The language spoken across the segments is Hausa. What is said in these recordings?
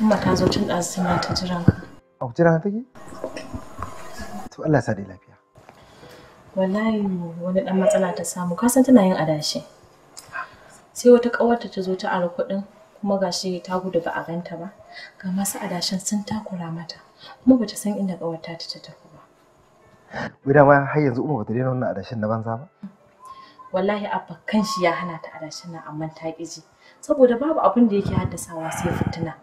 Kuma ta zo tun ɗazu suna ta jiran ka. A ku jiran take? To Allah sa dai lafiya. Wallahi wani ɗan matsala ta samu ka san tana yin adashi. Sai wata ƙawarta ta zo ta ara kuɗin kuma gashi ta gudu ba a ganta ba. Ga masu adashin sun takura mata kuma bata san inda ƙawarta ta tafi ba. Wai dama har yanzu Umar bata daina wannan adashin na banza ba? Wallahi abba kan shi ya hana ta adashin nan amma ta ƙi ji. Saboda babu abin da yake haddasawa sai fitina.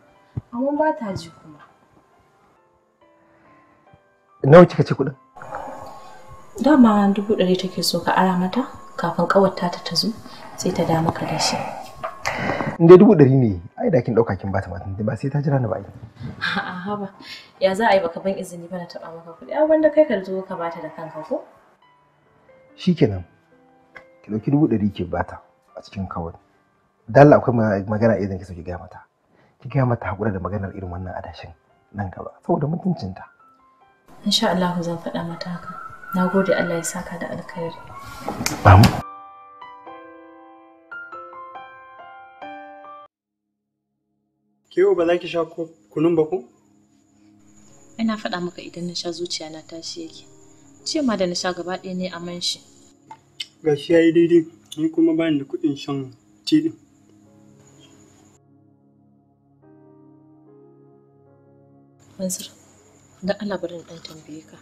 amma ba ta ji kuma. Nawa kika ce kuɗin? Dama dubu ɗari take so ka ara mata kafin ƙawarta ta ta zo sai ta da maka da shi. In dai dubu ɗari ne ai da kin ɗauka kin bata matan ba sai ta jira ni ba ai. A'a ba ya za a yi baka ban izini ba na taɓa maka kuɗi a wanda kai ka zo ka ba ta da kanka ko? Shikenan ki ɗauki dubu ɗari ki bata a cikin kawai. Dalla akwai magana idan ki so ki gaya mata. ki gaya mata haƙura da maganar irin wannan adashin nan gaba saboda mutuncinta. Insha Allah zan faɗa mata haka. Na gode Allah ya saka da alkhairi. Amin. Ke ba za ki sha kunun ba ko? Ina faɗa maka idan na sha zuciya na tashi yake. Ce ma da na sha gaba ɗaya ne a man shi. Gashi ya yi daidai, ni kuma bani da kuɗin shan tiɗin. Mansur, da Allah barin ɗan tambaye ka.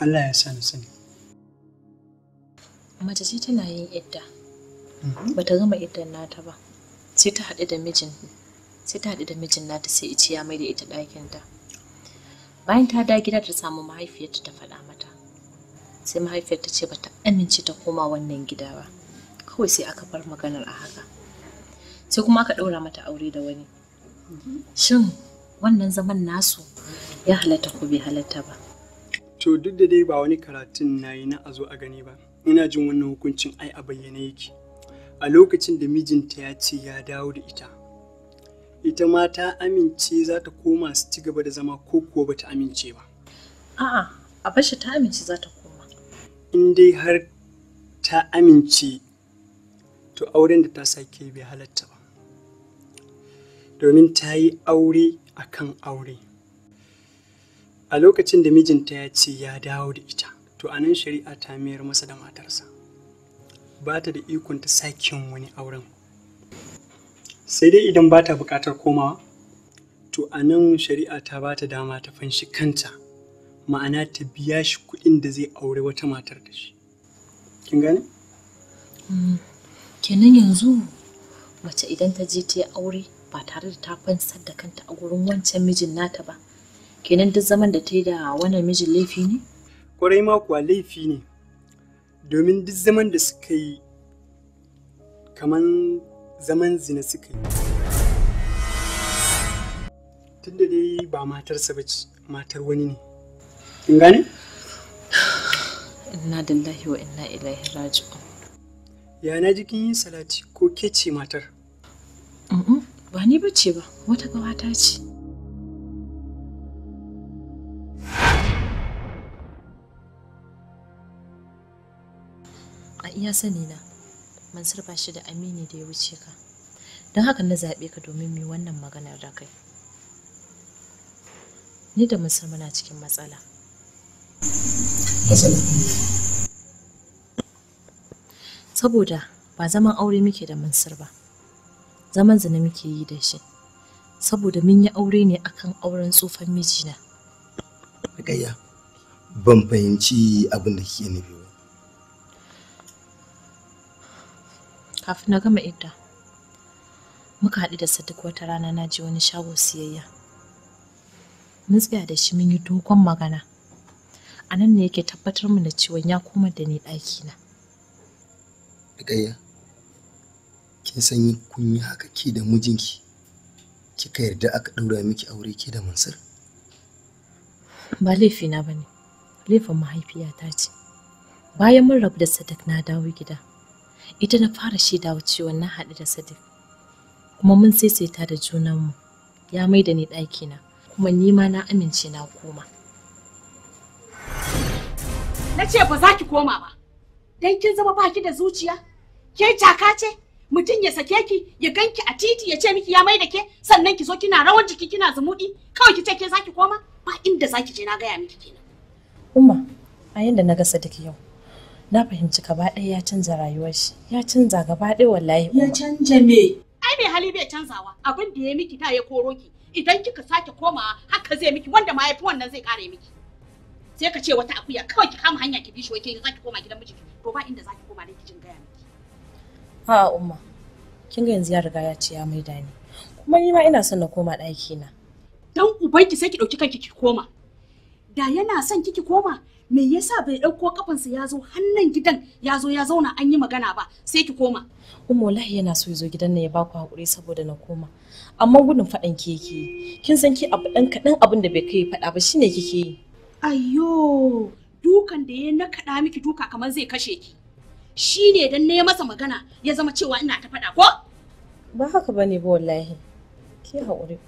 Allah ya sani sani. Mace ce tana yin idda. Mhm. ta gama iddan nata ba. Sai ta haɗu da mijin sai ta haɗu da mijin nata sai ice ya mai da ita ɗakinta. Bayan ta da gida ta samu mahaifiyarta ta faɗa mata. Sai mahaifiyarta ce bata amince ta koma wannan gida ba. Kawai sai aka bar maganar a haka. Sai kuma aka ɗaura mata aure da wani. Mhm. Shin wannan zaman nasu ya halatta ko bai halatta ba to duk da dai ba wani karatun na yi na a zo a gani ba ina jin wannan hukuncin ai a bayyane yake a lokacin da mijinta ya ce ya dawo da ita ita ma ta amince za ta koma su ci gaba da zama ko kuwa ba ta amince ba a'a a bashi ta amince za ta koma in dai har ta amince to auren da ta sake bai halatta ba domin ta yi aure a kan aure a lokacin da mijinta ya ce ya dawo da ita to anan shari'a ta mayar masa da matarsa ba ta da ikon ta sakin wani auren sai dai idan ba ta buƙatar komawa to anan shari'a ta ba ta dama ta fanshi kanta ma'ana ta biya shi kuɗin da zai aure wata matar da shi kin gane? Mm. kenan yanzu mace idan ta je ta yi aure ba tare da ta fansar da kanta a gurin wancan mijin nata ba kenan duk zaman da ta yi da wannan mijin laifi ne kwarai ma kuwa laifi ne domin duk zaman da suka yi kamar zaman zina suka yi da dai ba matarsa ba ce matar wani ne kin gane inna lillahi wa inna ilaihi raji'un ya na jikin yin salati ko ke ce matar Mm -mm. ba ni bace ba wata gawata ce a iya sani na mansur ba shi da amini da ya wuce ka don haka na zaɓe ka domin mai wannan maganar da kai ni da mansur muna cikin matsala matsala saboda ba zaman aure muke da mansur ba zaman zane muke yi da shi saboda mun yi aure ne akan auren tsufan mijina gayya ban fahimci abin da kike nufi ba kafin na gama idda muka haɗu da Sadiq wata rana na ji wani shago siyayya mun tsaya da shi mun yi dogon magana anan ne yake tabbatar mu da cewa ya koma da ni ɗakina. na kin san kun yi haka ke da mijinki kika yarda aka ɗaura miki aure ki da Mansur? Ba laifina ba ne, laifin mahaifiyata ce. Bayan mun rabu da Sadiq na dawo gida, ita na fara shaidawa cewa na haɗu da Sadiq. Kuma mun saisaita da junanmu, ya mai da ni ɗakina, kuma ni ma na amince na koma. Na ce ba za ki koma ba, Dan kin zama baki da zuciya, ke jaka ce? mutum ya sake ki ya ganki a titi ya ce miki ya mai da ke sannan ki zo kina rawan jiki kina zumudi kawai ki ce ke zaki koma ba inda zaki je na gaya miki kenan. Umma a yanda na gasa take yau na fahimci gaba ɗaya ya canza rayuwar shi ya canza gaba ɗaya wallahi. Ya canja me? Ai me hali bai canzawa abin da ya miki da ya koro ki idan kika sake koma haka zai miki wanda ma ya fi wannan zai ƙara miki. Sai ka ce wata akuya kawai ki kama hanya ki bi shi wai ke zaki koma gidan miji to ba inda zaki koma ne ki jin gaya miki. A'a umma, kin ga yanzu ya riga ya ce ya maida ni. Kuma ni ma ina son na koma ɗaki na. Dan ubanki sai ki ɗauki kanki ki koma. Da yana son kiki koma, me yasa bai ɗauko kafansa ya zo hannun gidan ya zo ya zauna an yi magana ba sai ki koma. Umma wallahi yana so ya zo gidan nan ya baku hakuri saboda na koma. Amma gudun faɗan ki yake Kin san ki abu ɗan kaɗan abin da bai kai faɗa ba shine kike yi. Ayyo dukan da ya nakaɗa miki duka kamar zai kashe ki. shi ne dan na masa magana ya zama cewa ina ta faɗa ko? Ba haka ba ne ba wallahi. Ki haƙuri.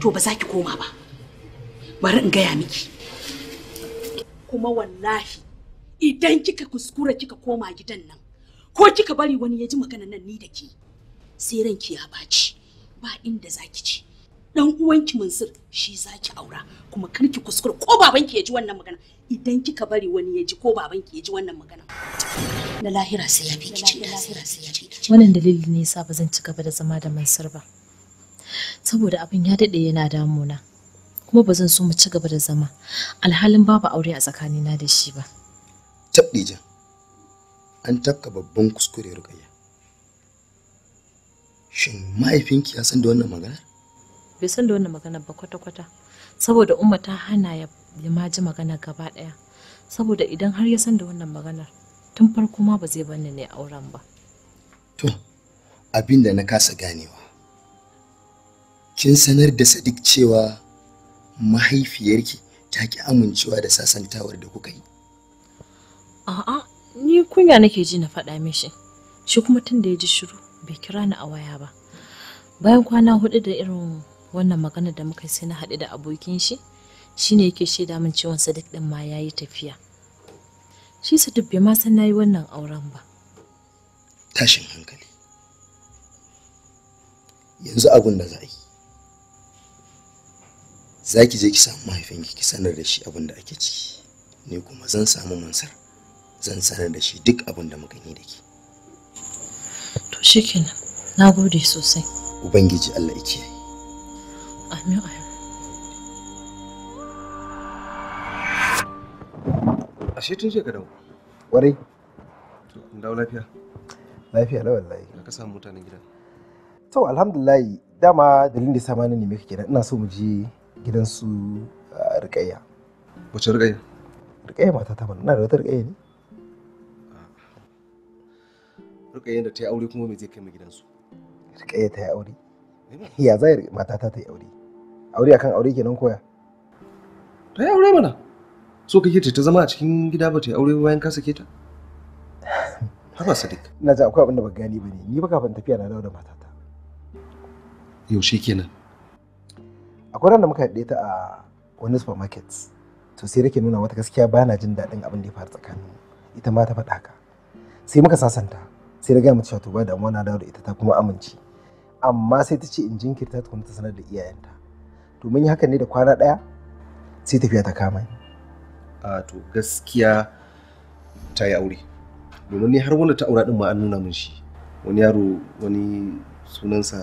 To ba za ki koma ba. Bari in gaya miki. Kuma wallahi idan kika kuskura kika koma gidan nan ko kika bari wani ya ji magana nan ni da ke sai ranki ya baci ba inda za ki ci. dan uwanki Mansur shi zaki aura kuma kar ki kuskura ko babanki ya ji wannan magana idan kika bari wani ya ji ko babanki ya ji wannan magana na lahira sai ya biki lahira sai ya wannan dalili ne yasa ba zan ci gaba da zama da Mansur ba saboda abin ya dade yana na kuma ba zan so mu ci gaba da zama alhalin babu aure a tsakanina da shi ba tabdija an tafka babban kuskure rukayya shin mahaifinki ya san da wannan magana bai san da wannan magana ba kwata-kwata saboda umma ta hana ya ma ji magana gaba ɗaya saboda idan har ya san da wannan maganar tun farko ma ba zai bani ne auren ba to abin da na kasa ganewa kin sanar da sadik cewa mahaifiyarki ta ki amincewa da sasantawar da kuka yi a'a ni kunya nake ji na faɗa mishi shi kuma tun da ya ji shiru bai kira ni a waya ba bayan kwana hudu da irin wannan maganar da muka sai na haɗu da abokin shi shine yake shaida min ciwon Sadiq din ma yayi tafiya shi su dubbe ma san nayi wannan auren ba tashin hankali yanzu abin da za a yi za ki je ki samu mahaifinki ki sanar da shi abin da ake ciki ni kuma zan samu mansar zan sanar da shi duk abin da muka yi da ke to kenan na gode sosai ubangiji Allah ya kiyaye Amin amin. Ashe tun je ka dawo. Warai. To, in lafiya. Lafiya na wallahi. Na ka samu mutanen gidan. To, alhamdulillah dama dalilin da sama ne me kake nan ina so mu je gidan su ah, Rukayya. Wace Rukayya? Rukayya mata ta mana. Ina da wata Rukayya ne. Ah. Rukayya da ta yi aure kuma me zai kai mu gidansu? Rukayya ta yi aure. Ya za mata ta ta yi aure. aure akan aure kenan koya ta yi aure mana so kake ta zama a cikin gida ba ta yi aure bayan ka sake ta haba sadiq ina ji akwai abin da ba gani ba ne ni ba kafin tafiya na dawo da matata yaushe kenan akwai ran da muka haɗe ta a wani supermarket to sai rake nuna mata gaskiya ba na jin daɗin abin da ya faru tsakanin ita ma ta faɗa ka, sai muka sasanta sai da gaya mata cewa to ba damuwa na dawo da ita ta kuma amince amma sai ta ce in jinkirta tukuna ta sanar da iyayenta to mun yi haka ne da kwana ɗaya sai tafiya ta kama ni a to gaskiya ta yi aure domin ni har wanda ta aura din ma an nuna min shi wani yaro wani sunansa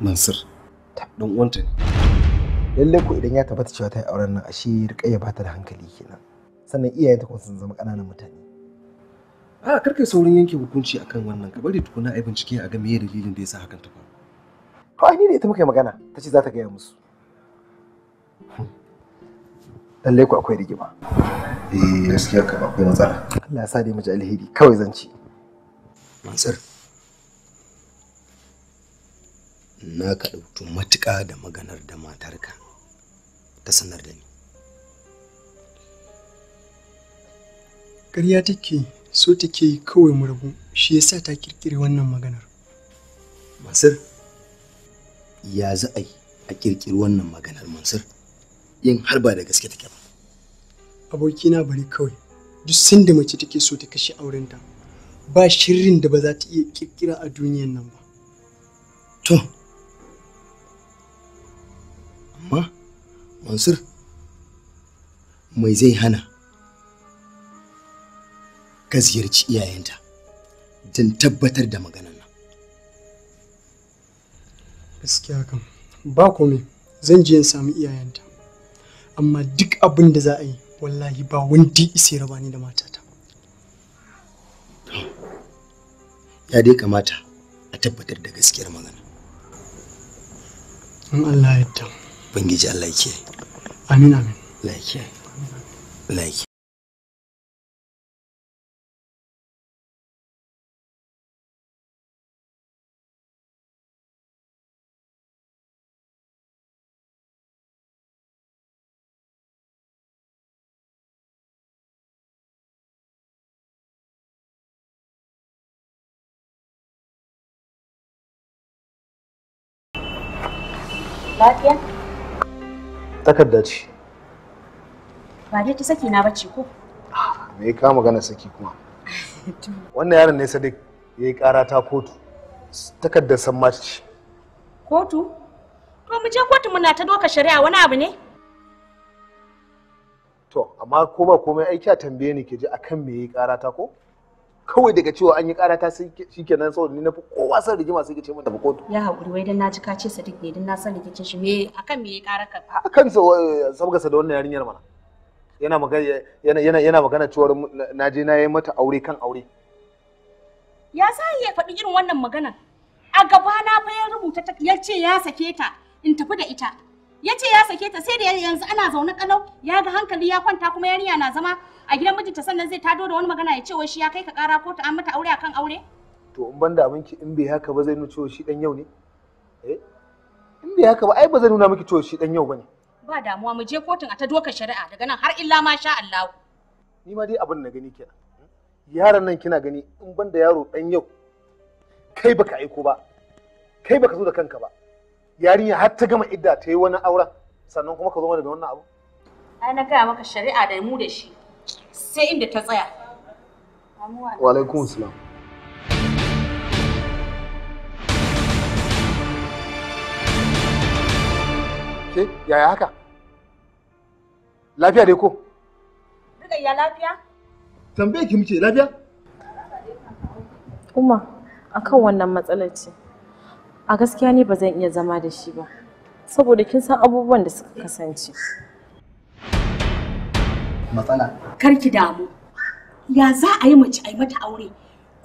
mansur dan uwanta ne lalle ko idan ya tabbata cewa ta yi auren nan ashe rika ba ta da hankali kenan sannan iyayenta kuma sun zama ƙananan mutane a karkai saurin yanke hukunci akan wannan ka bari tukuna ai bincike a ga meye dalilin da yasa hakan ta faru to ai ni ne ita muka yi magana tace za ta gaya musu lallai ku akwai rigima eh gaskiya ka akwai matsala Allah ya sa dai mu ji alheri kawai zan ci Mansur na ka ɗauki matuƙa da maganar da matarka ta sanar da ni ƙarya take so take yi kawai mu rabu shi yasa ta kirkire wannan maganar Mansur ya za a yi a kirkiri wannan maganar Mansur yin har da gaske take ba abokina bari kawai duk sanda mace take so ta kashe aurenta ba shirin da ba za ta iya kirkira a duniyan nan ba to amma mansur mai zai hana ka ziyarci iyayenta don tabbatar da maganan nan gaskiya kan. ba komai zan je in sami iyayenta amma duk abin da za a yi wallahi ba wanda isa raba ni da matata ya dai kamata a tabbatar da gaskiyar magana in Allah ya yarda bangiji Allah ya amin amin Allah ya Lafiya? Takarda ce. Ba dai ta saki na bace ko? Ah, me ya kama gana saki kuma? Wannan yaron ne Sadiq ya yi ƙara ta kotu. Takardar san ce. Kotu? To mu je kotu muna ta doka shari'a wani abu ne? To, amma ko ba komai aiki a tambaye ni ke je akan me ya yi ƙara ta ko? kawai daga cewa an yi ƙara ta shikenan saboda ni na fi kowa san rigima sai ka ce mun tafi kotu ya haƙuri wai dan na ji ka ce Sadiq ne dan na san rikicin shi me akan me ya ƙara ka akan sa sabga sa da wannan yarinyar mana yana magana yana yana yana magana cewa na je na yi mata aure kan aure ya sa ya faɗi irin wannan magana a gaba na fa ya rubuta ya ce ya sake ta in tafi da ita ya ce ya sake ta sai da yanzu ana zaune kalau ya ga hankali ya kwanta kuma yarinya na zama a gidan mijinta sannan zai tado da wani magana ya ce wai shi ya kai ka kara ko ta an mata aure akan aure to in banda abinki in bai haka ba zai nuna cewa shi dan yau ne eh in bai haka ba ai ba zai nuna miki cewa shi dan yau bane ba damuwa mu je kotun a ta doka shari'a daga nan har illa ma sha Allah ni ma dai abin na gani kenan yaran nan kina gani in banda yaro dan yau kai baka aiko ba kai baka zo da kanka ba yarinya har ta gama idda ta yi wani auren sannan kuma ka zo daga da wannan abu ai na gaya maka shari'a da mu da shi sai inda ta tsaya wa alaikum salam ke yaya haka lafiya dai ko duka ya lafiya tambaye ki muke lafiya kuma akan wannan matsalar ce a gaskiya ne ba zan iya zama da shi ba saboda kin san abubuwan da suka kasance matsala karki damu ya za a yi mace a yi mata aure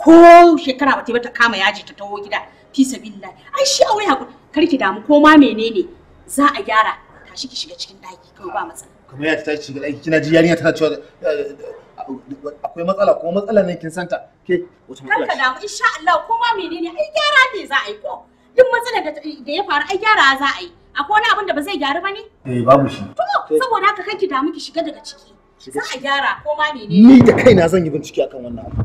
ko shekara ba ta mata kama yaji ta taho gida fi sabilla ai shi aure kar karki damu ko ma menene za a gyara tashi ki shiga cikin daki kawai ba matsala kamar ya ta shiga daki kina ji yarinya tana cewa akwai matsala kuma matsala ne kin santa ke wata matsala karka damu insha Allah ko ma menene ai gyara ne za a yi ko duk matsalar da ya faru ai gyara za a yi akwai wani abin da ba zai gyaru ba ne eh babu shi to saboda haka kanki damu ki shiga daga ciki za a gyara ko ma menene ni da kaina zan yi bincike akan wannan abu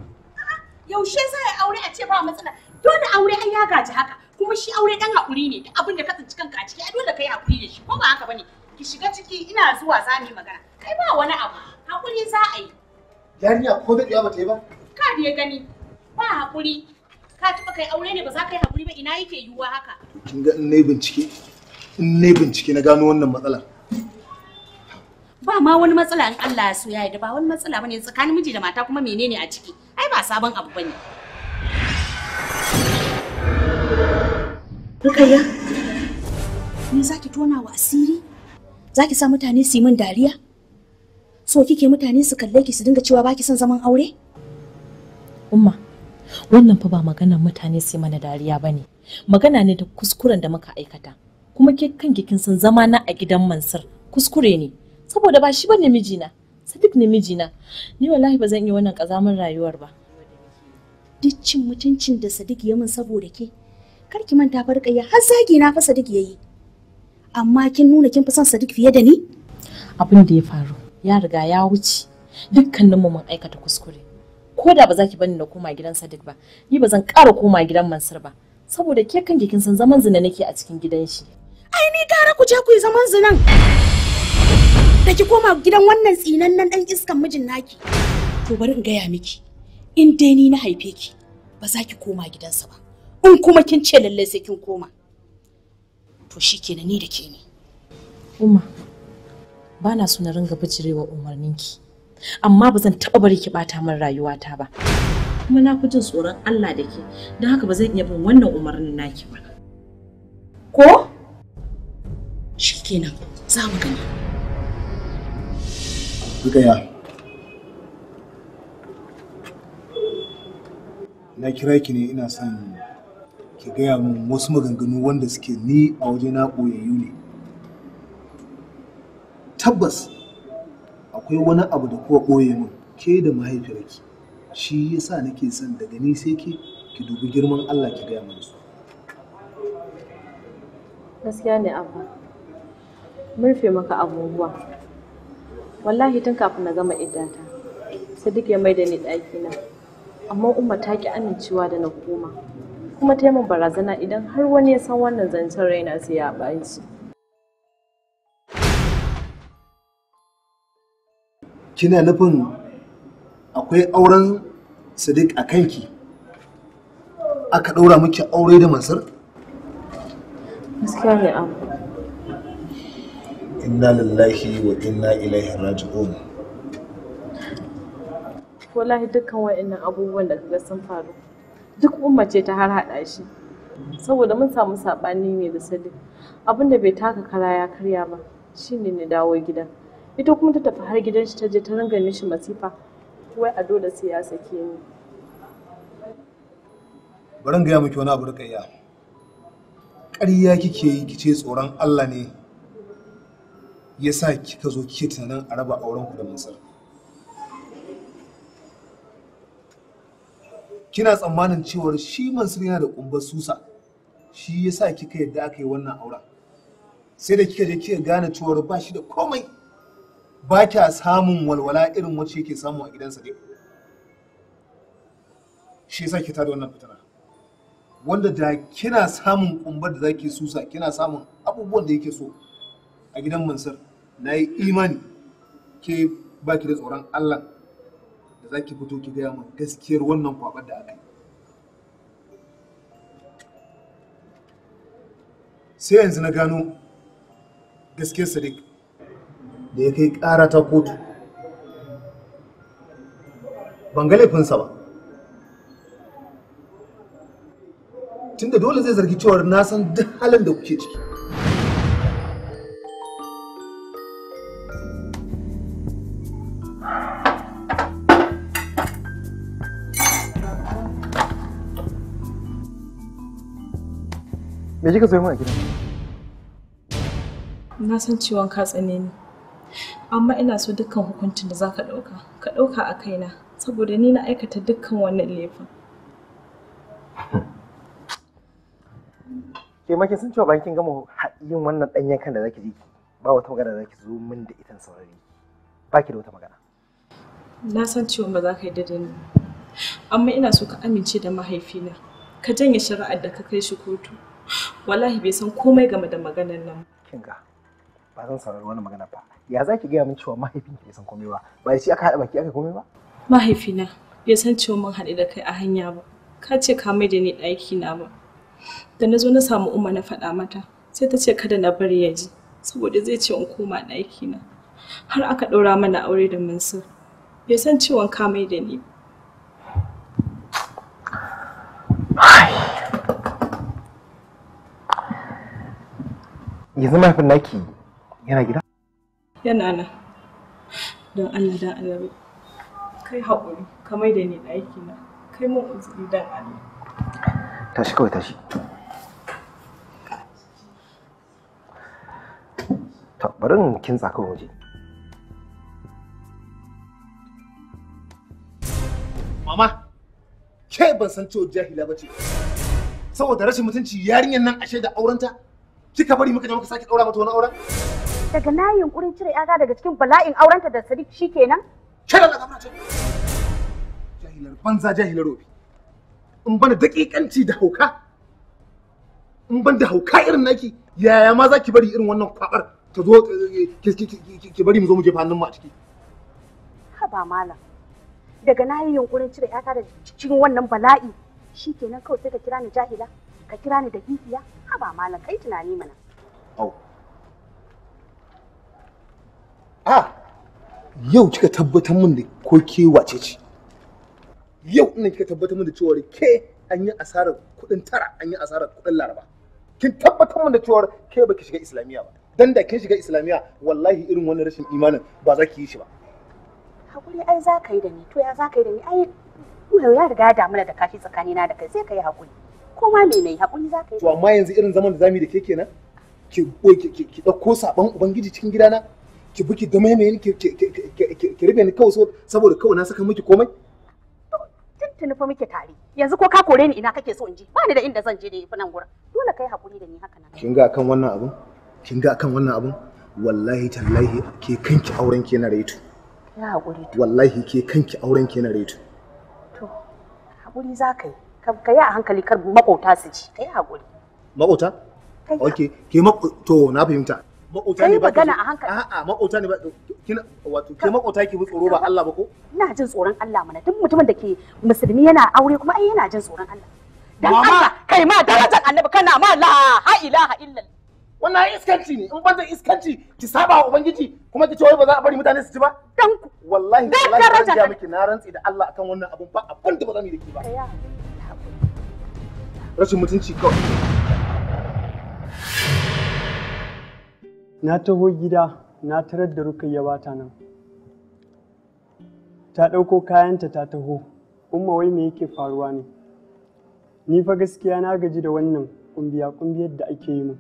yaushe za a aure a ce ba matsala dole aure ai ya gaji haka kuma shi aure dan hakuri ne duk abin da ka tsinci kanka a ciki ai dole kai hakuri da shi ko ba haka bane ki shiga ciki ina zuwa za mu yi magana kai ba wani abu hakuri za a yi yarinya ko da ba ta yi ba ka da gani ba hakuri ka taba kai aure ne ba za ka yi haƙuri ba ina yake yiwuwa haka kin ga in nayi bincike in nayi bincike na gano wannan matsalar ba ma wani matsala in Allah ya so ya yarda ba wani matsala bane tsakanin miji da mata kuma menene a ciki ai ba sabon abu bane Rukayya ni zaki tona wa asiri zaki sa mutane su yi min dariya so kike mutane su kalle ki su dinga cewa baki son zaman aure umma wannan fa ba maganar mutane sai mana dariya ba ne magana ne da kuskuren da muka aikata kuma ke kan kin san zama na a gidan Mansar. kuskure ne saboda ba shi bane mijina sadiq ne mijina ni wallahi ba zan iya wannan kazamin rayuwar ba dicin mutuncin da Sadik ya min saboda ke kar ki manta farka ya har zagi na fa sadiq yayi amma kin nuna kin fi son Sadik fiye da ni abin da ya faru ya riga ya wuce dukkaninmu mun aikata kuskure ko da ba za ki bani na koma gidan Sadiq ba ni ba zan ƙara koma gidan Mansur ba saboda ke kan kin san zaman zina nake a cikin gidan shi ai ni gara ku je ku yi zaman zinan da ki koma gidan wannan tsinannen dan iskan mijin naki to bari in gaya miki in dai ni na haife ki ba za ki koma gidansa ba in kuma kin ce lallai sai kin koma to shikenan ni da ke ne umma ba na so na ringa bijirewa umarninki amma ba zan taɓa bari ki ɓata min rayuwata ba kuma na fi jin tsoron Allah da ke don haka ba zan iya bin wannan umarnin naki ba ko shikenan za mu gani Rukaya na kira ki ne ina son ki gaya min wasu maganganu wanda suke ni a waje na ɓoyayyu ne tabbas akwai wani abu da kuwa ɓoye min ke da mahaifiyarki shi yasa nake son daga ni sai ke ki dubi girman Allah ki gaya mana su gaskiya ne abu. Murfe rufe maka abubuwa wallahi tun kafin na gama idata, sai duk ya mai da ni ɗaki na amma Umar ta ki amincewa da na koma kuma ta yi barazana idan har wani ya san wannan zancen raina sai ya ɓaci kina nufin akwai auren sadiq a kanki aka ɗaura miki aure da mansur gaskiya ne abu inna lillahi wa inna ilaihi raji'un wallahi dukkan wa'annan abubuwan da kaga sun faru duk umma ce ta har hada shi saboda mun samu sabani ne da sadiq abinda bai taka kara ya karya ba shine ne dawo gidan ita kuma ta tafi har gidan shi ta je ta ranga mishi masifa wai a dole sai ya sake ni bari ga gaya miki wani abu rikayya ƙarya kike yi kice tsoron Allah ne yasa sa kika zo kike tunanin a raba auren ku da Mansur kina tsammanin cewar shi Mansur yana da kumbar susa shi yasa kika yadda aka yi wannan auren sai da kika je kika gane cewar ba shi da komai ba kya samun walwala irin wacce yake samu a gidansa dai shi yasa ki tada wannan fitina wanda da kina samun kumbar da zaki susa kina samun abubuwan da yake so a gidan mansur na yi imani ke baki da tsoron allah da zaki fito ki gaya mun gaskiyar wannan kwabar da aka yi sai yanzu na gano gaskiyar sadiq da ya kai ƙara ta kotu ban ga laifinsa ba tunda dole zai zargi cewar nasan san duk halin da kuke ciki Me ka sayo mu a gida? Na san ciwon ka tsane ni. amma ina so dukkan hukuncin da za ka ɗauka ka ɗauka a kaina saboda ni na aikata dukkan wannan laifin ke ma sun cewa bakin gama yin wannan ɗanyen kan da zaki je ba wata magana da zaki zo min da ita saurari ba ki da wata magana na san cewa ba za ka yi da ni amma ina so ka amince da mahaifina ka janye shari'ar da ka kai shi kotu wallahi bai san komai game da maganar nan kinga ba zan saurari wannan magana ba ya za ki gaya min cewa mahaifin ki san komai ba ba shi aka haɗa baki aka komai ba mahaifina bai san cewa mun haɗu da kai a hanya ba ka ce ka mai da ni ɗaki na ba da na zo na samu umma na faɗa mata sai ta ce kada na bari ya ji saboda zai ce in koma ɗaki na har aka ɗora mana aure da Mansur bai san ciwon ka mai da ni yanzu mahaifin naki yana gida yana nan don allah don allah kai haƙuri ka mai da ni aiki na kai mun uzuri don allah tashi kawai tashi ta bari in kintsa kawai waje mama ke ban san cewa jahila ba ce saboda rashin mutunci yarinyar nan ashe da aurenta kika bari muka je muka sake daura mata wani auren daga na yunkurin cire yaga daga cikin bala'in aurenta da Sadiq shikenan kira na gabata jahilar banza jahilar robi in bana dakikanci da hauka in ban da hauka irin naki yaya ma zaki bari irin wannan kwabar ta zo ki bari mu zo mu jefa hannun mu a ciki haba malam daga na yi yunkurin cire yata da cikin wannan bala'i shikenan kawai sai ka kira ni jahila ka kira ni da haba malam kai tunani mana au a ah! yau kika tabbatar min da ko ke wace ce yau ina kika tabbatar min da cewa ke an yi asarar kuɗin tara an yi asarar kuɗin laraba kin tabbatar min da cewa ke baki shiga islamiyya ba dan da kin shiga islamiyya wallahi irin wannan rashin imanin ba za ki yi shi ba hakuri ai za ka yi da ni to ya za ka yi da ni ai ya riga ya damu da kashi tsakanina da kai sai ka yi hakuri ko ma me yi hakuri za ka yi to amma yanzu irin zaman da zamu yi da ke kenan ki ki ki dauko sabon ubangiji cikin gidana ki buki da mai mai ki rufe ni kawai saboda kawai na saka miki komai tuntuni fa muke tare yanzu ko ka kore ni ina kake so in ji ba ni da inda zan je da yafi nan gurin dole kai hakuri da ni haka nan kin ga akan wannan abun kin ga akan wannan abun wallahi tallahi ke kanki auren ke na reto ya hakuri wallahi ke kanki auren ke na reto to hakuri za ka yi ka yi a hankali kar makota su ji ka yi hakuri makota okay ke to na fahimta makota ne ba magana a hankali a'a makota ne ba kina wato ke makota ki bi tsoro ba Allah ba ko ina jin tsoron Allah mana duk mutumin da ke musulmi yana aure kuma ai yana jin tsoron Allah dan Allah kai ma darajar annabi kana ma la ilaha illallah wannan iskanci ne in ban da iskanci ki saba wa ubangiji kuma ki ce wai ba za a bari mutane su ci ba dan wallahi wallahi zan ga miki na rantsi da Allah akan wannan abun ba abin da ba za mu yi da ki ba rashin mutunci kawai na taho gida na tarar da rukayya ba ta nan ta ɗauko kayanta ta taho umma wai me yake faruwa ne ni fa gaskiya na gaji da wannan kumbiya kumbiyar da ake yi min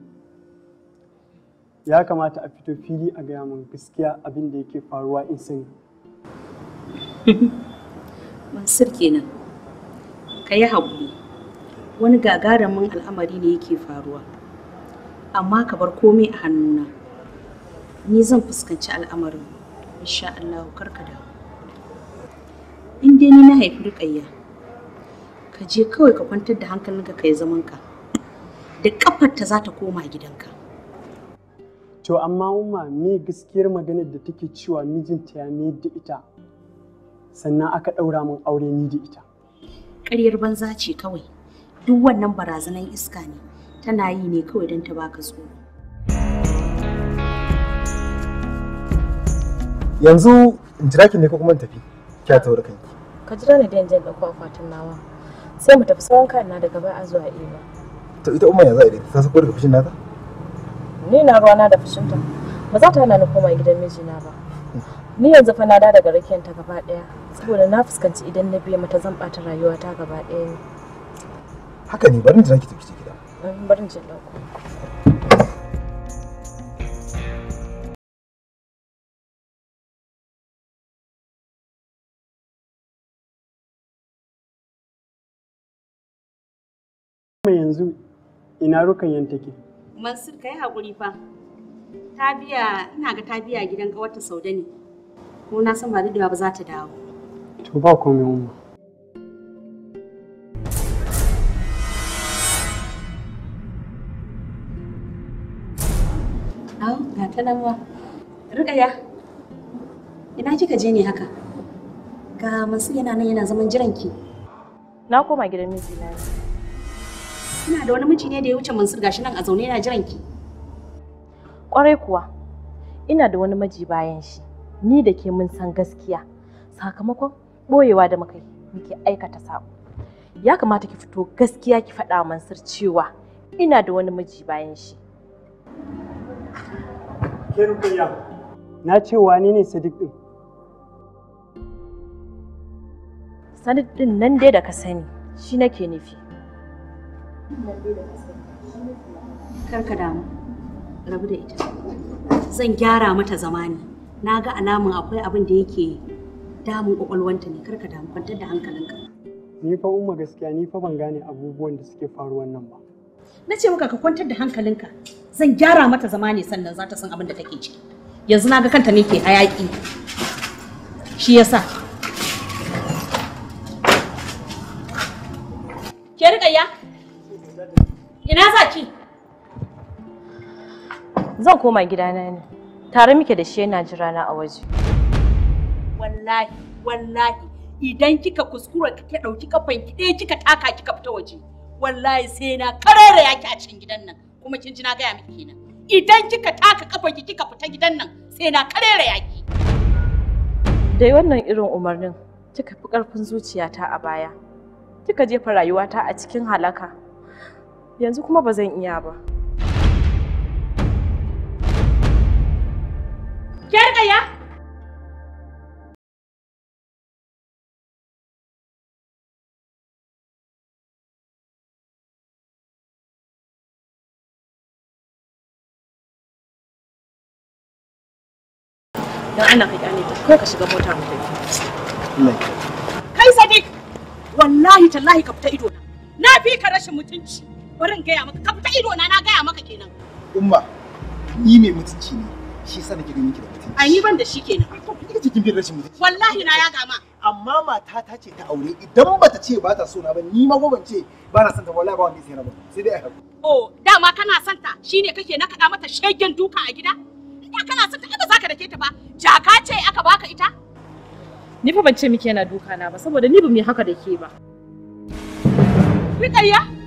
ya kamata a fito fili a gaya min gaskiya abin da yake faruwa in sani mansur kenan ka yi haƙuri wani gagarumin al'amari ne yake faruwa amma ka bar komai a hannuna ni zan fuskanci al'amarin insha Allah karka da in dai ni na haifi rukayya ka je kawai ka kwantar da hankalinka kai zaman ka da ta za ta koma gidanka to amma umma me gaskiyar maganar da take cewa mijinta ya mayar da ita sannan aka ɗaura min aure ni da ita ƙaryar banza ce kawai duk wannan barazanan iska ne tana yi ne kawai don ta baka tsoro yanzu jira ne ko kuma tafi kya ta wurin kanki ka jira ni da yanzu da ko akwatin nawa sai mu tafi sauran kayan na daga baya zuwa Ina. to ita umma ya za a ta sako daga fushin nata ni na ruwana da fushinta ba za ta hana ni koma gidan mijina ba ni yanzu fa na da daga rakiyar ta gaba daya saboda na fuskanci idan na biya mata zan bata rayuwa ta gaba daya ne haka ne barin jira ki tafi gida barin jin dauko Ina rukanyan take? Mansur kai haƙuri fa. Tabiya, ina ga tabiya biya gidan wata Saude ne. Ko na san ba da ba za ta dawo. To ba komai umma. Au, ga ta nan ma. ya. ina kika je ne haka? Ga Mansur yana nan yana zaman jiranki. Na koma gidan mijina yanzu. Ina da wani miji ne da ya wuce Mansur gashi nan a zaune yana jiran ki. Kwarai kuwa, ina da wani miji bayan shi, ni da ke mun san gaskiya, sakamakon ɓoyewa da muka yi muke aikata sako. Ya kamata ki fito gaskiya ki faɗa wa Mansur cewa ina da wani miji bayan shi. Ke na ce wani ne Sadiq din. Sadiq ɗin nan dai da ka sani, shi nake nufi. Karka damu, rabu da ita. Zan gyara mata zamani. Na ga alamun akwai abin da yake damun kwakwalwanta ne, karka damu, kwantar da hankalinka. Ni fa umma gaskiya ni fa ban gane abubuwan da suke faruwan nan ba. Na ce maka ka kwantar da hankalinka. Zan gyara mata zamani sannan za ta san abin da take ciki. Yanzu na ga kanta ne ke hayaki. Shi yasa. Ke riƙa ya? Ina za Zan koma gidana ne. Tare muke da shi yana jira na a waje. Wallahi, wallahi, idan kika kuskura kika ɗauki kafan ki ɗaya kika taka kika fita waje. Wallahi sai na karara yaki a cikin gidan nan. Kuma kin ji na gaya miki kenan. Idan kika taka kafan ki kika fita gidan nan sai na karara yaki. Dai wannan irin umarnin kika fi ƙarfin zuciyata a baya. Kika jefa rayuwata a cikin halaka. yanzu kuma ba zan iya ba. Kyarkaya! don ana ka ne ta ko ka shiga mota mu tafi kai sadiq wallahi tallahi ka fita idona. na fi ka rashin mutunci bari in gaya maka kan ido na na gaya maka kenan umma ni mai mutunci ne shi yasa nake ganin ki da mutunci ai ni ban da shi kenan kika ce kin fi rashin mutunci wallahi na ya gama amma mata ta ce ta aure idan bata ce ba ta so na ba ni ma ko ban ce ba na son ta wallahi ba wanda sai na ba sai dai ai hakuri oh dama kana son ta shine kake na kada mata shegen duka a gida ina kana son ta ba za ka dake ta ba jaka ce aka baka ita ni fa ban ce miki yana duka na ba saboda ni ba mu yi haka da ke ba Rikayya,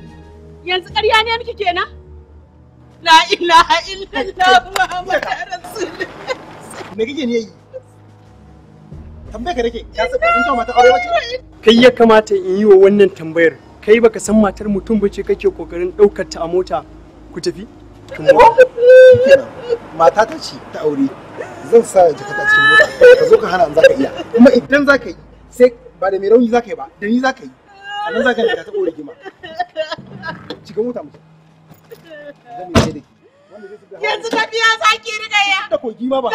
yanzu ƙarya ne miki kenan la ilaha illallah muhammadu rasulullah me kike ne yi tambayar ka nake ka san in mata aure wace kai ya kamata in yi wa wannan tambayar kai baka san matar mutum bace kake kokarin daukar ta a mota ku tafi mata ta ce ta aure zan sa jikata cikin mota ka zo ka hana in zaka iya kuma idan zaka yi sai ba da mai rauni zaka yi ba da ni zaka yi a nan zaka yi ka ta rigima shiga mota mu yanzu tafiya zaki rika ya da kogi ma ba a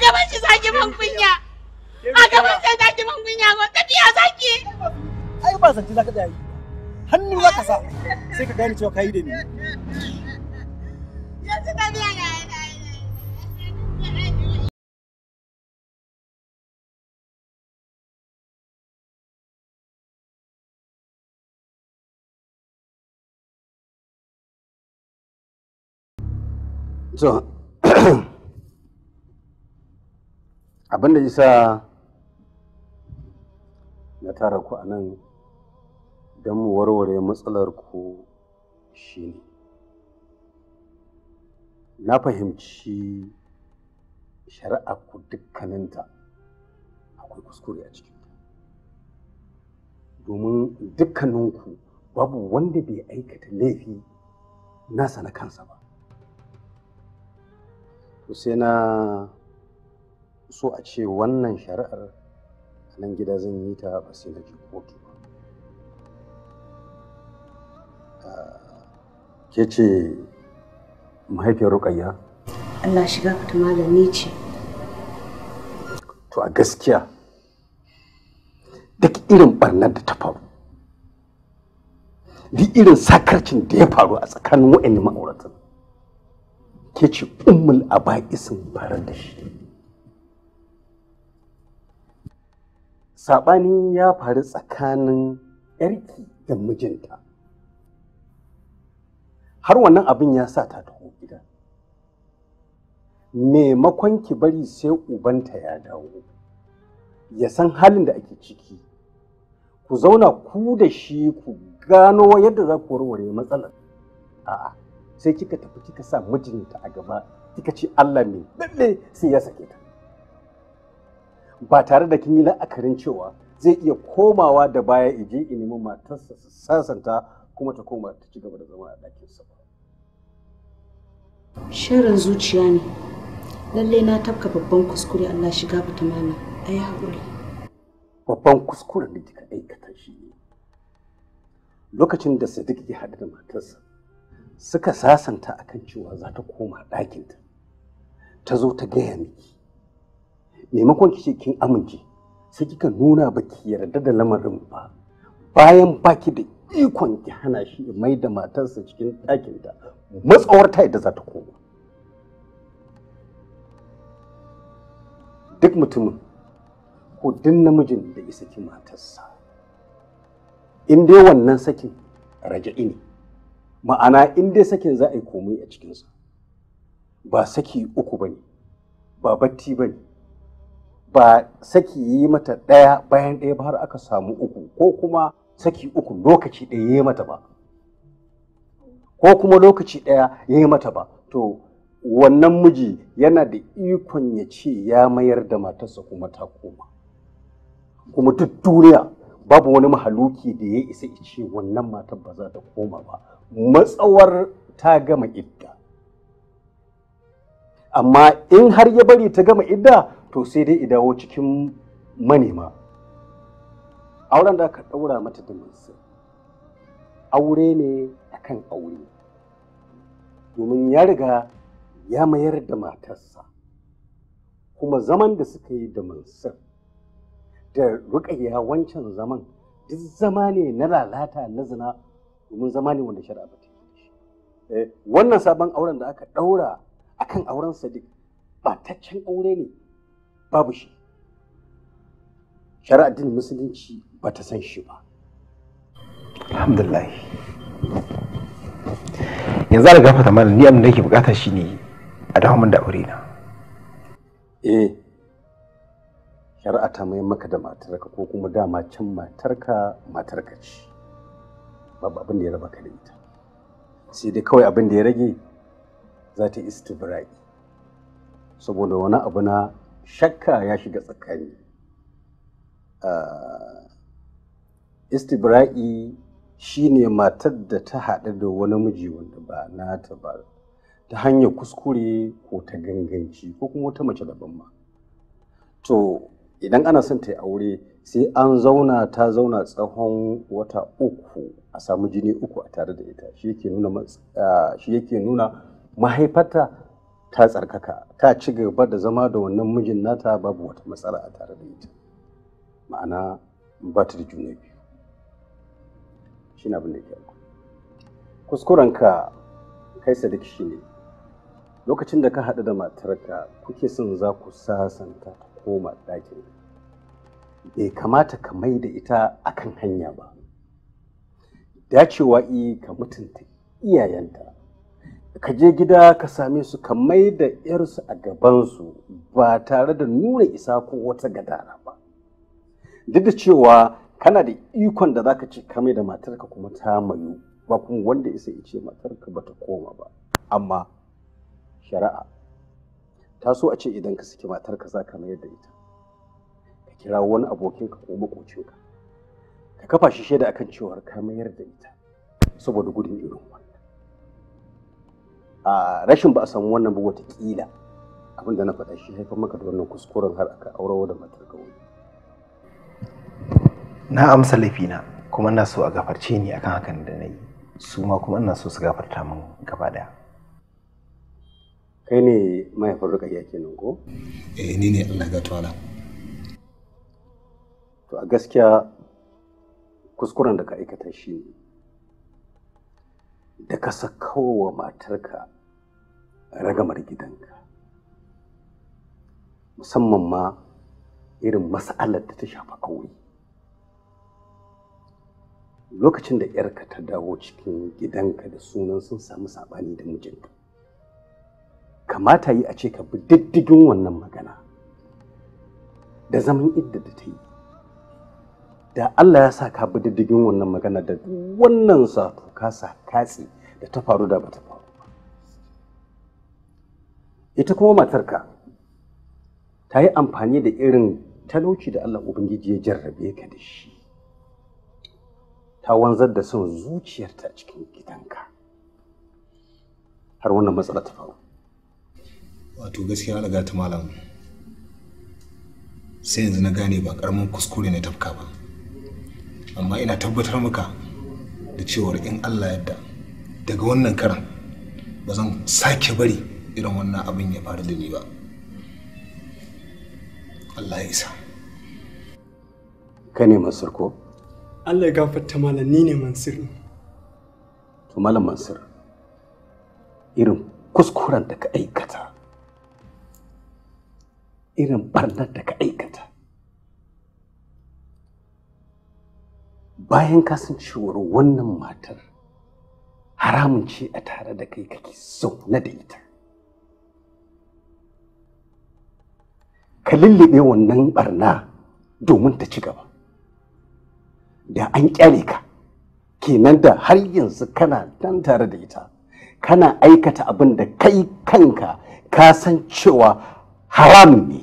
gaban shi zaki man kunya a gaban shi zaki man kunya ko tafiya zaki ai ba zaki zaka da yi hannu zaka sa sai ka gane cewa kai da ni to abinda isa na tara ku a nan don mu warware matsalar ku shine na fahimci shari'a ku dukkaninta akwai kuskure a ciki domin dukkaninku babu wanda bai aikata laifi nasa na kansa ba sai na so a ce wannan shari'ar a nan gida zan yi ta ba sai na ke kotu ba ah, ke ce mahaifiyar rukayya Allah shiga fita malami ce to a gaskiya duk irin barnar da ta faru duk irin sakarcin da ya faru a tsakanin wa'annan ma'auratan ke ce ummul aba'isin farar da shi saɓani ya faru tsakanin yarki da mijinta har wannan abin ya sa ta taho gida maimakon ki bari sai ubanta ya dawo ya san halin da ake ciki ku zauna ku da shi ku gano yadda za ku warware matsalar a'a sai kika tafi kika sa mijinta a gaba kika ce Allah ne lalle sai ya sake ta ba tare da kin yi la'akarin cewa zai iya komawa da baya ije in nemi matarsa su sasanta kuma ta koma ta ci gaba da zama a ɗakin sa shirin zuciya ne lalle na tafka babban kuskure Allah shiga ta mana ai haƙuri babban kuskure ne kika aikata shi lokacin da Sadiq ya haɗu da matarsa suka sasanta a kan cewa za ta koma ɗakinta ta zo ta gaya miki maimakon ki ce kin amince sai kika nuna baki yarda da lamarin ba bayan baki da ikon ki hana shi mai da matarsa cikin ɗakinta matsawarta yadda za ta koma duk mutumin ko duk namijin da isa ki matarsa in dai wannan sakin raja'i ne ma'ana in dai sakin za a yi komai a cikinsa ba saki uku ba ba batti ba ba saki yi mata ɗaya bayan ɗaya ba har aka samu uku ko kuma saki uku lokaci ɗaya ya yi mata ba ko kuma lokaci ɗaya ya yi mata ba to wannan miji yana da ikon ya ce ya mayar da matarsa kuma ta koma kuma duk duniya babu wani mahaluki da ya isa ce wannan matar ba za ta koma ba matsawar ta gama idda amma in har ya bari ta gama idda to sai dai idawo cikin manema auren da ka ɗaura mata diminsa aure ne kan aure domin ya riga ya mayar da matarsa kuma zaman da suka yi da mansur da rukayya wancan zaman duk zama ne na lalata na zina domin zama ne wanda shari'a ba ta yi eh, wannan sabon auren da aka ɗaura a kan auren sadiq bataccen aure ne babu shi shari'a din musulunci ba ta san shi ba alhamdulillah yanzu da gafata mana ni abin da yake bukata ne a dawo min da aure na eh shari'a ta mai maka da matarka ko kuma dama can matarka matarka ce babu abin da ya raba ka da ita sai dai kawai abin da ya rage za ta istibra'i saboda wani abu na shakka ya shiga tsakani ah, istibra'i ne matar da ta haɗu da wani miji wanda ba na ta ba ta hanyar kuskure ko ta ganganci ko kuma wata mace daban ma to idan ana son ta yi aure sai an zauna ta zauna tsawon wata uku a samu jini uku a tare da ita shi yake nuna mahaifata ta tsarkaka ta ci gaba da zama da wannan mijin nata babu wata matsala a tare da ita ma'ana ba ta da juna biyu shi da kuskurenka kai sadik shi ne lokacin da ka haɗu da matarka kuke son za ku sasanta ta koma ɗakin bai kamata ka mai da ita akan hanya ba dacewa i ka mutunta iyayenta ka je gida ka same su ka mai da yarsu a gabansu ba tare da nuna isa ko wata gadara ba duk da cewa kana da ikon da zaka ce ka mai da matarka kuma ta mayu ba kuma wanda isa ya ce matarka bata koma ba amma shari'a ta so a ce idan ka saki matarka za ka mayar da ita kira wani abokinka ko makocinka ka kafa shi shaida akan cewa ka mayar da ita saboda gudun irin wannan a rashin ba a samu wannan ba wata abin da na faɗa shi haifar maka da wannan kuskuren har aka aurawa da matar kawai na amsa laifina kuma ina so a gafarce ni akan hakan da na yi su ma kuma ina so su gafarta min gaba daya kai ne yake nan ko eh ni ne Allah ga tawala a gaskiya kuskuren da ka aikata shi ne da ka sakawa matarka ragamar gidanka musamman ma irin mas'alar da ta shafa aure lokacin da 'yarka ta dawo cikin gidanka da sunan sun samu saɓani da mijinka kamata yi a ce ka bi diddigin wannan magana da zaman idda da ta yi da Allah ya sa ka bi diddigin wannan magana da wannan ka sa katsi da ta faru da bata faru ita kuma matarka ta yi amfani da irin talauci da Allah Ubangiji ya jarrabe ka da shi ta wanzar da son zuciyarta cikin gidanka har wannan matsala ta faru wato gaskiya daga ta malam sai yanzu na gane ba karamin kuskure ne tafka ba amma ina tabbatar maka da cewar in allah yadda daga wannan karan ba zan sake bari irin wannan abin ya faru da ni ba allah ya isa ka ne mansur ko allah ya gafarta malam ni ne mansur to malam mansur irin kuskuren da ka aikata irin barnar da ka aikata bayan kasancewar wannan matar haramun ce a tare da kai kake na da ita ka lullube wannan barna domin ta ci gaba da an kyale ka kenan da har yanzu kana nan tare da ita kana aikata abin da kai kanka ka san cewa haramun ne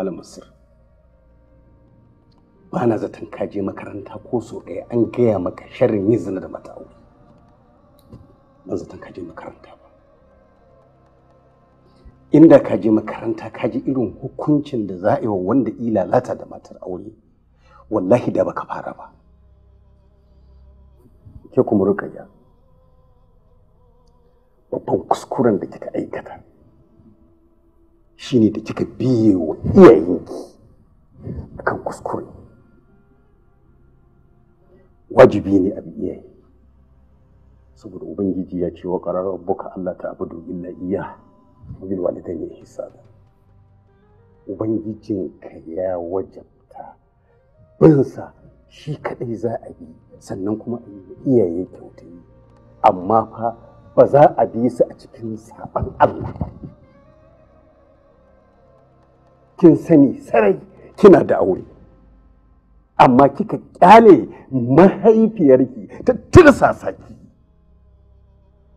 Masir. Bana zaton ka je makaranta ko so ɗaya an gaya maka sharrin yin zina da mata aure ban zaton ka je makaranta ba inda ka je makaranta ka ji irin hukuncin da za a yi wa wanda lalata da matar aure wallahi da baka fara ba ke kuma ya babban kuskuren da kika aikata shine da kika biye wa iyayenki akan kuskure wajibi ne a iyaye saboda ubangiji ya ce wa qararar buka Allah ta abudu illa iya bil walidayni ihsana ka ya wajabta binsa shi kadai za a bi sannan kuma a yi iyaye kyautai, amma fa ba za a bi su a cikin saban Allah kin sani sarai kina da aure amma kika kyale mahaifiyarki ta tirsa saki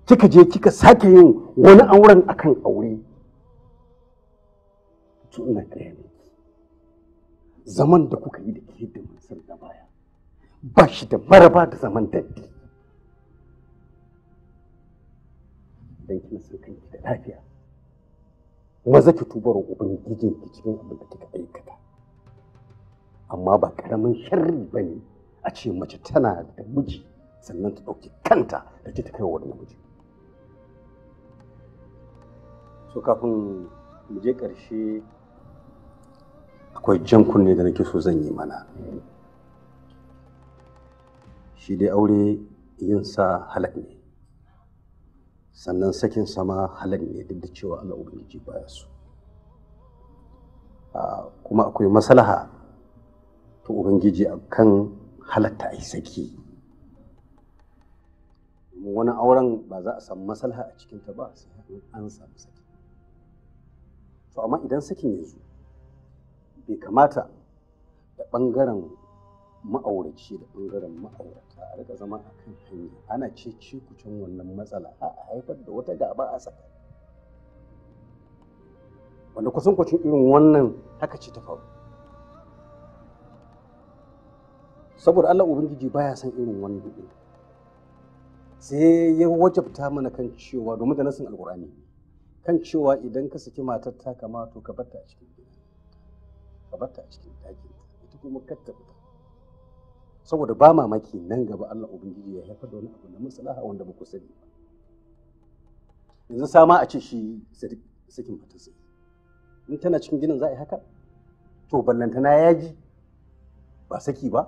kika je kika sake yin wani auren akan aure to ina ne zaman da kuka yi da ke da mansur da baya ba shi da maraba da zaman daddi dan kina son kanki da lafiya maza ki tubar ubangijinki cikin abin da kika aikata amma ba karamin sharri ba ne a ce mace tana da miji sannan ta ɗauki kanta da ta kai wa namiji so kafin mu je ƙarshe akwai jan kunne da nake so zan yi mana shi dai aure yin sa halak ne sannan sakin sama halak ne duk da cewa Allah Ubangiji baya so ah, kuma akwai maslaha ta ubangiji a kan halatta a yi saki wani auren ba za a samu masalha a cikinta ba sai an samu saki to amma idan sakin ya zo bai kamata da ɓangaren ma'auraci da ɓangaren ma'aurata a daga zama a kan hanya ana ce ci kucin wannan matsala a haifar da wata gaba a tsakani wanda kusan kucin irin wannan haka ce ta faru saboda Allah ubangiji baya son irin wani wannan sai ya wajabta mana kan cewa domin da nasin alkur'ani kan cewa idan ka saki matar ta kama to ka barta a cikin gida ka barta a cikin daki ita kuma ka tafi saboda ba mamaki nan gaba Allah ubangiji ya haifar da wani abu na maslaha wanda ba ku sani ba yanzu sama a ce shi sakin matarsa in tana cikin ginin za a yi haka to ballantana ya ji ba saki ba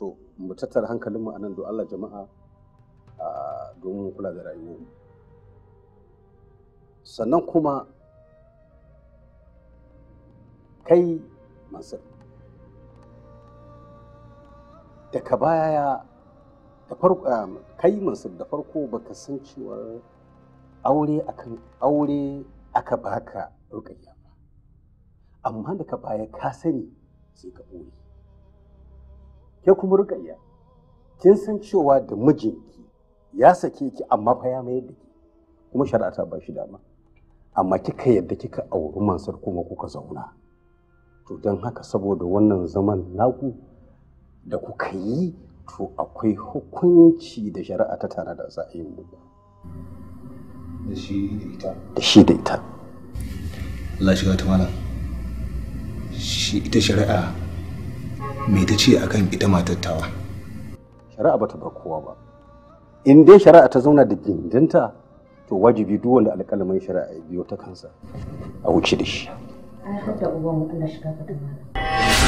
so mu tattara hankalinmu a nan don Allah jama'a domin kula da rayuwarmu sannan kuma kai masu daga baya da farko kai masu da farko baka san cewa aure akan aure aka baka rukayya amma daga baya ka sani sai ka ɓoye ke kuma rukayya kin san cewa da mijinki ya sake ki amma fa ya mayar da ki kuma shari'a ta ba shi dama amma kika yadda kika auri mansar kuma kuka zauna to don haka saboda wannan zaman naku da kuka yi to akwai hukunci da shari'a ta tana da za a yi muku da shi da ita da shi da ita Allah ga ta malam shi ita shari'a Mai ta ce akan ita matattawa shari'a bata bar kowa ba in dai shari'a ta zauna da gindinta to wajibi duk wanda alƙalamin shari'a ya biyo ta kansa a wuce da shi ai hatta uban mu Allah shiga ka